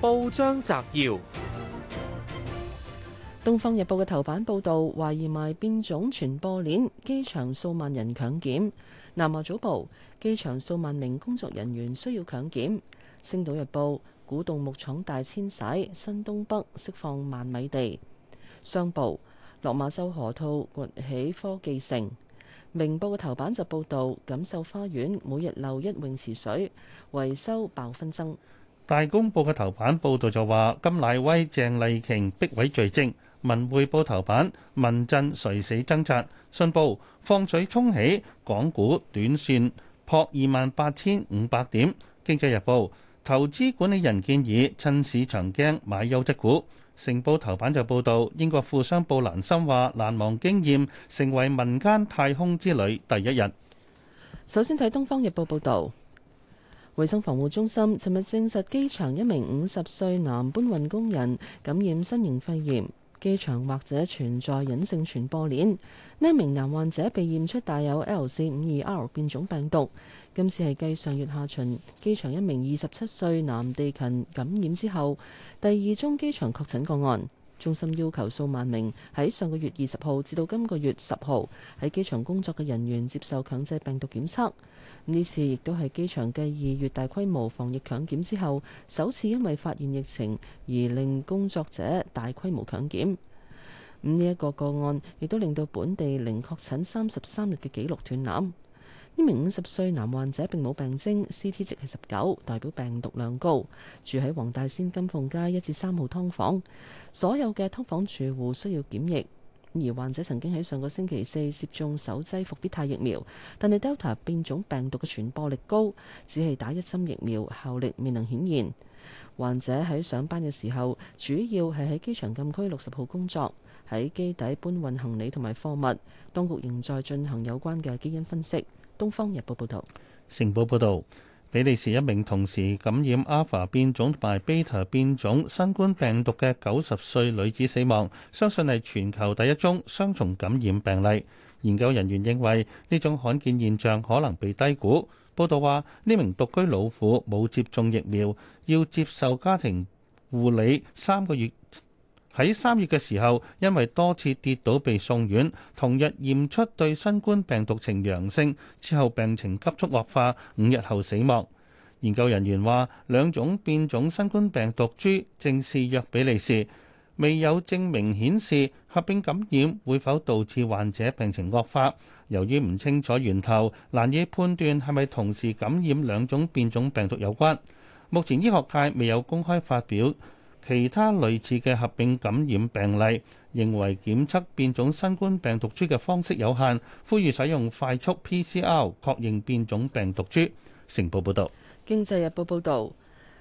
報章摘要：《東方日報》嘅頭版報道懷疑賣變種傳播鏈，機場數萬人強檢；《南華早報》機場數萬名工作人員需要強檢；《星島日報》古洞木廠大遷徙，新東北釋放萬米地；《商報》落馬洲河套崛起科技城；《明報》嘅頭版就報道錦繡花園每日漏一泳池水，維修爆紛爭。大公報嘅頭版報導就話：金乃威、鄭麗瓊逼毀罪證；文匯報頭版：民陣垂死掙扎；信報放水沖起；港股短線破二萬八千五百點；經濟日報投資管理人建議：趁市場驚買優質股。成報頭版就報導：英國富商布蘭森話：難忘經驗，成為民間太空之旅第一日。首先睇《東方日報》報導。衛生防護中心尋日證實，機場一名五十歲男搬運工人感染新型肺炎，機場或者存在隱性傳播鏈。呢名男患者被驗出帶有 L452R 變種病毒，今次係繼上月下旬機場一名二十七歲男地勤感染之後，第二宗機場確診個案。中心要求數萬名喺上個月二十號至到今個月十號喺機場工作嘅人員接受強制病毒檢測。呢次亦都係機場繼二月大規模防疫強檢之後，首次因為發現疫情而令工作者大規模強檢。咁呢一個個案亦都令到本地零確診三十三日嘅紀錄斷纜。呢名五十歲男患者並冇病徵，CT 值係十九，代表病毒量高，住喺黃大仙金鳳街一至三號劏房，所有嘅劏房住戶需要檢疫。而患者曾經喺上個星期四接種首劑復必泰疫苗，但係 Delta 變種病毒嘅傳播力高，只係打一針疫苗效力未能顯現。患者喺上班嘅時候，主要係喺機場禁區六十號工作，喺機底搬運行李同埋貨物。當局仍在進行有關嘅基因分析。《東方日報》報道，報《成報》報道。比利時一名同時感染 Alpha 變種同埋 Beta 變種新冠病毒嘅九十歲女子死亡，相信係全球第一宗雙重感染病例。研究人員認為呢種罕見現象可能被低估。報道話呢名獨居老婦冇接種疫苗，要接受家庭護理三個月。喺三月嘅時候，因為多次跌倒被送院，同日驗出對新冠病毒呈陽性，之後病情急速惡化，五日後死亡。研究人員話，兩種變種新冠病毒株正是約比利時，未有證明顯示合併感染會否導致患者病情惡化。由於唔清楚源頭，難以判斷係咪同時感染兩種變種病毒有關。目前醫學界未有公開發表其他類似嘅合併感染病例，認為檢測變種新冠病毒株嘅方式有限，呼籲使用快速 PCR 確認變種病毒株。成報報導，《經濟日報》報道：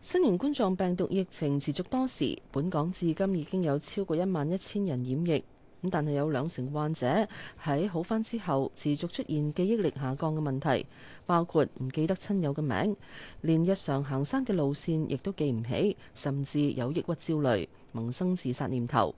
新型冠狀病毒疫情持續多時，本港至今已經有超過一萬一千人染疫。咁，但係有兩成患者喺好返之後，持續出現記憶力下降嘅問題，包括唔記得親友嘅名，連日常行山嘅路線亦都記唔起，甚至有抑鬱、焦慮，萌生自殺念頭。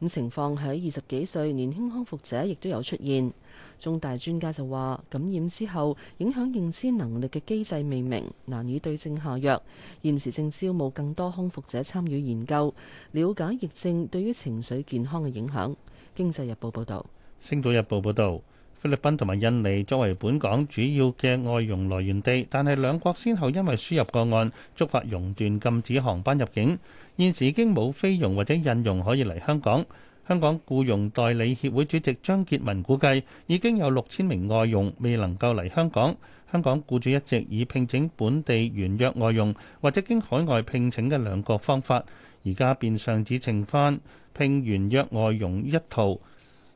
咁情況喺二十幾歲年輕康復者亦都有出現。中大專家就話，感染之後影響認知能力嘅機制未明，難以對症下藥。現時正招募更多康復者參與研究，了解疫症對於情緒健康嘅影響。經濟日報報導，《星島日報》報導，菲律賓同埋印尼作為本港主要嘅外傭來源地，但係兩國先後因為輸入個案觸發熔斷，禁止航班入境。現時已經冇菲傭或者印傭可以嚟香港。香港僱傭代理協會主席張傑文估計，已經有六千名外傭未能夠嚟香港。香港僱主一直以聘請本地原約外傭或者經海外聘請嘅兩國方法。而家變相只剩翻聘原約外傭一套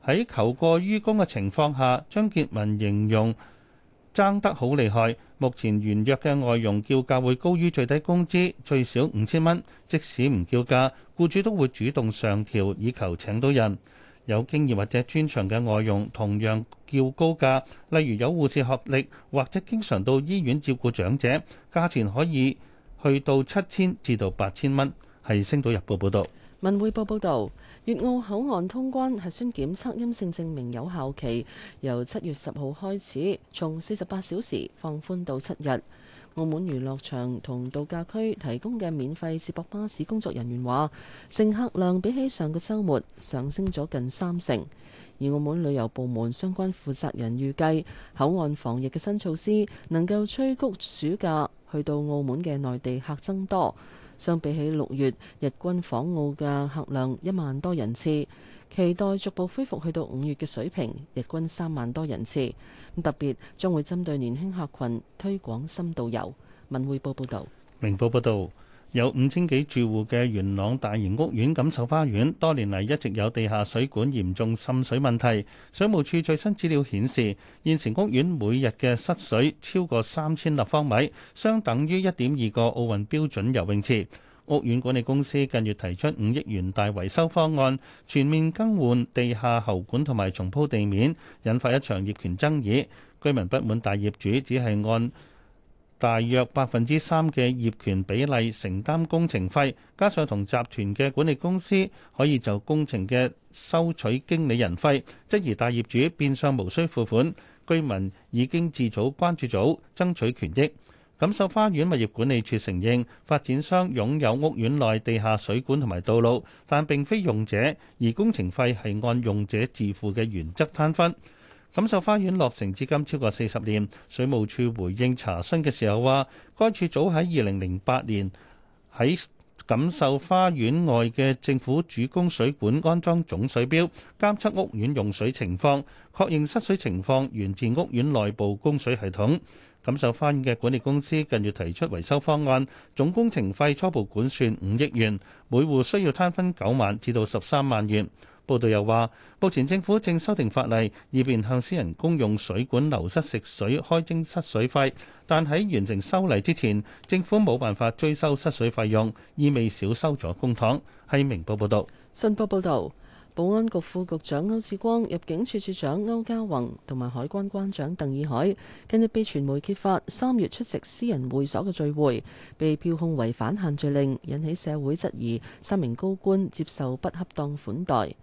喺求過於供嘅情況下，張傑文形容爭得好厲害。目前原約嘅外傭叫價會高於最低工資，最少五千蚊。即使唔叫價，僱主都會主動上調，以求請到人。有經驗或者專長嘅外佣同樣叫高價，例如有護士學歷或者經常到醫院照顧長者，價錢可以去到七千至到八千蚊。係《星島日報》報導。《文匯報》報導，粵澳口岸通關核酸檢測陰性證明有效期由七月十號開始，從四十八小時放寬到七日。澳門娛樂場同度假區提供嘅免費接駁巴士，工作人員話，乘客量比起上個週末上升咗近三成。而澳門旅遊部門相關負責人預計，口岸防疫嘅新措施能夠催谷暑假去到澳門嘅內地客增多。相比起六月日均訪澳嘅客量一萬多人次，期待逐步恢復去到五月嘅水平，日均三萬多人次。咁特別將會針對年輕客群推廣深度遊。文匯報報道。明報報導。有五千幾住戶嘅元朗大型屋苑錦繡花園，多年嚟一直有地下水管嚴重滲水問題。水務處最新資料顯示，現時屋苑每日嘅失水超過三千立方米，相等於一點二個奧運標準游泳池。屋苑管理公司近月提出五億元大維修方案，全面更換地下喉管同埋重鋪地面，引發一場業權爭議。居民不滿大業主只係按大約百分之三嘅業權比例承擔工程費，加上同集團嘅管理公司可以就工程嘅收取經理人費，質疑大業主變相無需付款。居民已經自早關注組爭取權益。錦繡花園物業管理處承認發展商擁有屋苑內地下水管同埋道路，但並非用者，而工程費係按用者自付嘅原則攤分。錦繡花園落成至今超過四十年，水務署回應查詢嘅時候話，該處早喺二零零八年喺錦繡花園外嘅政府主供水管安裝總水錶，監測屋苑用水情況，確認失水情況，源自屋苑內部供水系統。錦繡花園嘅管理公司近日提出維修方案，總工程費初步管算五億元，每戶需要攤分九萬至到十三萬元。報道又話，目前政府正修訂法例，以便向私人公用水管流失食水開徵失水費。但喺完成修例之前，政府冇辦法追收失水費用，意味少收咗公帑。係明報報導，信報報導，保安局副局長歐志光、入境處處長歐家宏同埋海關關長鄧以海，近日被傳媒揭發三月出席私人會所嘅聚會，被票控違反限聚令，引起社會質疑。三名高官接受不恰當款待。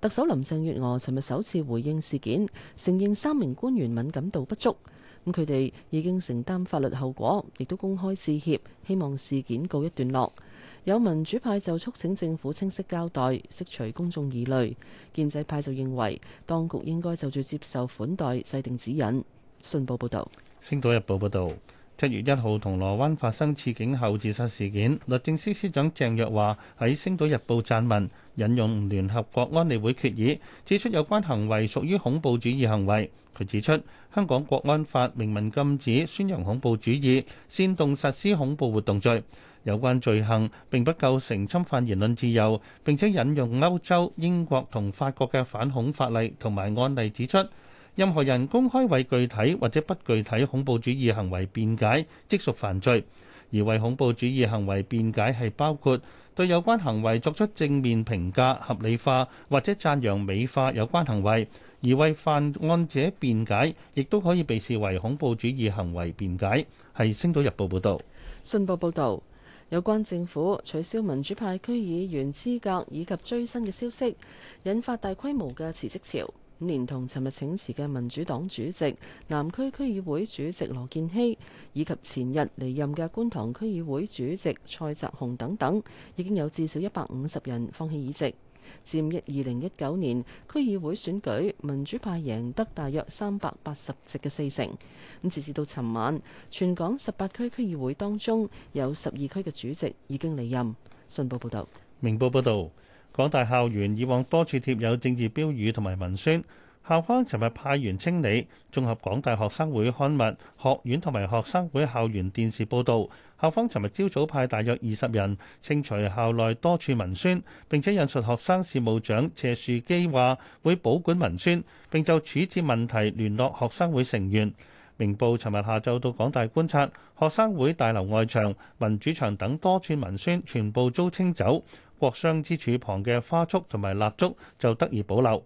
特首林鄭月娥尋日首次回應事件，承認三名官員敏感度不足，咁佢哋已經承擔法律後果，亦都公開致歉，希望事件告一段落。有民主派就促請政府清晰交代，釋除公眾疑慮；建制派就認為當局應該就住接受款待，制定指引。信報報導，《星島日報》報導。七月一號銅鑼灣發生刺警後自殺事件。律政司司長鄭若驊喺《星島日報》撰文，引用聯合國安理會決議，指出有關行為屬於恐怖主義行為。佢指出，香港國安法明文禁止宣揚恐怖主義、煽動實施恐怖活動罪。有關罪行並不構成侵犯言論自由。並且引用歐洲、英國同法國嘅反恐法例同埋案例指出。任何人公開為具體或者不具體恐怖主義行為辯解，即屬犯罪。而為恐怖主義行為辯解係包括對有關行為作出正面評價、合理化或者讚揚美化有關行為。而為犯案者辯解，亦都可以被視為恐怖主義行為辯解。係《星島日報》報道，《信報》報道，有關政府取消民主派區議員資格以及追薪嘅消息，引發大規模嘅辭職潮。連同尋日請辭嘅民主黨主席、南區區議會主席羅健熙，以及前日離任嘅觀塘區議會主席蔡澤雄等等，已經有至少一百五十人放棄議席，佔一二零一九年區議會選舉民主派贏得大約三百八十席嘅四成。咁截至到尋晚，全港十八區區議會當中有十二區嘅主席已經離任。信報報道。明報報導。港大校園以往多處貼有政治標語同埋文宣，校方尋日派員清理。綜合港大學生會刊物、學院同埋學生會校園電視報導，校方尋日朝早派大約二十人清除校內多處文宣，並且引述學生事務長謝樹基話：會保管文宣，並就處置問題聯絡學生會成員。明報尋日下晝到港大觀察，學生會大樓外牆、民主牆等多處文宣全部遭清走。國殤之柱旁嘅花束同埋蠟燭就得以保留。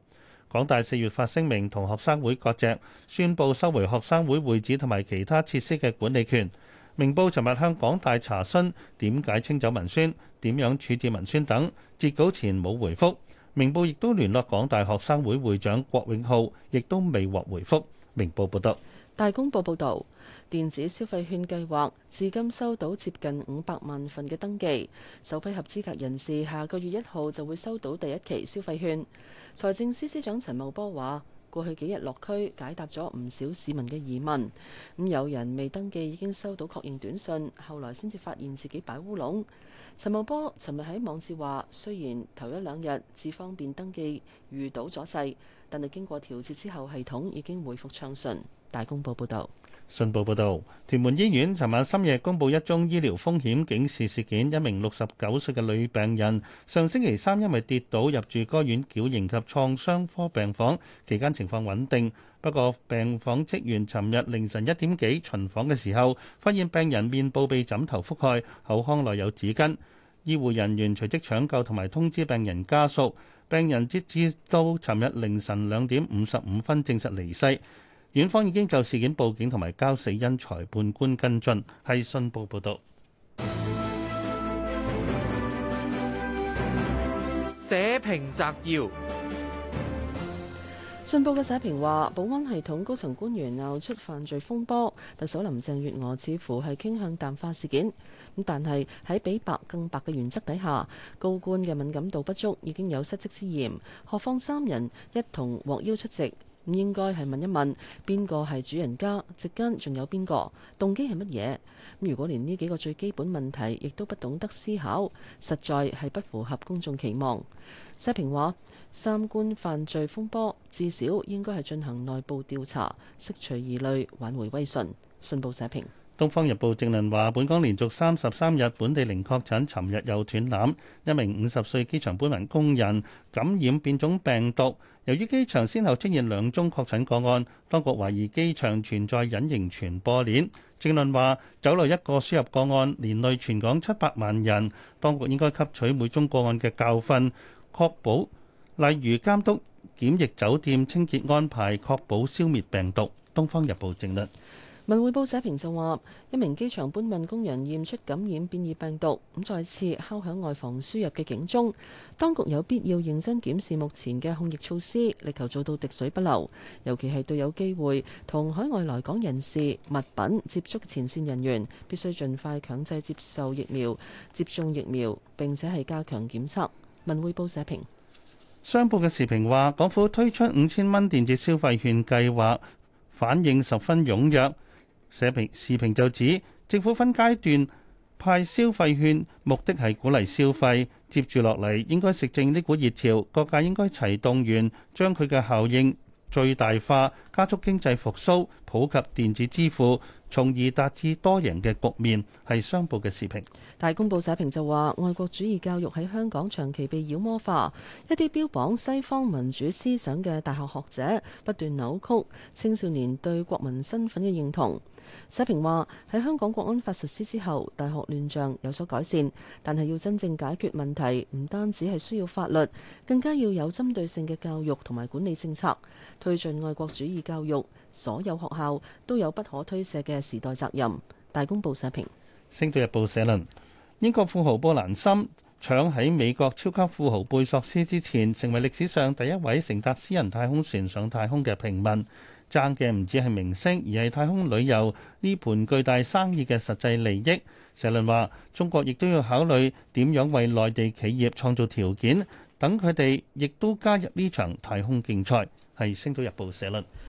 港大四月發聲明同學生會割蓆，宣布收回學生會會址同埋其他設施嘅管理權。明報尋日向港大查詢點解清走文宣，點樣處置文宣等，截稿前冇回覆。明報亦都聯絡港大學生會會長郭永浩，亦都未獲回覆。明報報道。大公報報導，電子消費券計劃至今收到接近五百萬份嘅登記，首批合資格人士下個月一號就會收到第一期消費券。財政司司長陳茂波話，過去幾日落區解答咗唔少市民嘅疑問。咁有人未登記已經收到確認短信，後來先至發現自己擺烏龍。陳茂波尋日喺網誌話，雖然頭一兩日至方便登記遇到阻滯，但係經過調節之後，系統已經回復暢順。大公報報導，信報報導，屯門醫院尋晚深夜公佈一宗醫療風險警示事件。一名六十九歲嘅女病人上星期三因為跌倒入住該院矯形及創傷科病房，期間情況穩定。不過，病房職員尋日凌晨一點幾巡房嘅時候，發現病人面部被枕頭覆蓋，口腔內有紙巾。醫護人員隨即搶救同埋通知病人家屬，病人截至到尋日凌晨兩點五十五分證實離世。院方已經就事件報警同埋交死因裁判官跟進。係信報報導。社評摘要：信報嘅社評話，保安系統高層官員鬧出犯罪風波，特首林鄭月娥似乎係傾向淡化事件。咁但係喺比白更白嘅原則底下，高官嘅敏感度不足已經有失職之嫌，何況三人一同獲邀出席。唔應該係問一問邊個係主人家，席間仲有邊個，動機係乜嘢？如果連呢幾個最基本問題亦都不懂得思考，實在係不符合公眾期望。社評話：三官犯罪風波至少應該係進行內部調查，釋除疑慮，挽回威信。信報社評。《東方日報》正論話：本港連續三十三日本地零確診，尋日又斷纜，一名五十歲機場搬運工人感染變種病毒。由於機場先後出現兩宗確診個案，當局懷疑機場存在隱形傳播鏈。正論話：走漏一個輸入個案，連累全港七百萬人。當局應該吸取每宗個案嘅教訓，確保例如監督檢疫酒店清潔安排，確保消滅病毒。《東方日報》正論。文匯報社評就話：一名機場搬運工人驗出感染變異病毒，咁再次敲響外防輸入嘅警鐘。當局有必要認真檢視目前嘅控疫措施，力求做到滴水不漏。尤其係對有機會同海外來港人士、物品接觸前線人員，必須盡快強制接受疫苗接種疫苗，並且係加強檢測。文匯報社評。商報嘅時評話：港府推出五千蚊電子消費券計劃，反應十分踊躍。社評、時評就指政府分階段派消費券，目的係鼓勵消費。接住落嚟應該食正呢股熱潮，各界應該齊動員，將佢嘅效應最大化，加速經濟復甦，普及電子支付。從而達至多贏嘅局面。係商報嘅視頻。大公報社評就話，愛國主義教育喺香港長期被妖魔化，一啲標榜西方民主思想嘅大學學者不斷扭曲青少年對國民身份嘅認同。社評話喺香港國安法實施之後，大學亂象有所改善，但係要真正解決問題，唔單止係需要法律，更加要有針對性嘅教育同埋管理政策，推進愛國主義教育。所有學校都有不可推卸嘅時代責任。大公報社評。《星島日報》社論：英國富豪布蘭森搶喺美國超級富豪貝索斯之前，成為歷史上第一位乘搭私人太空船上太空嘅平民。爭嘅唔止係名聲，而係太空旅遊呢盤巨大生意嘅實際利益。社論話：中國亦都要考慮點樣為內地企業創造條件，等佢哋亦都加入呢場太空競賽。係《星島日報》社論。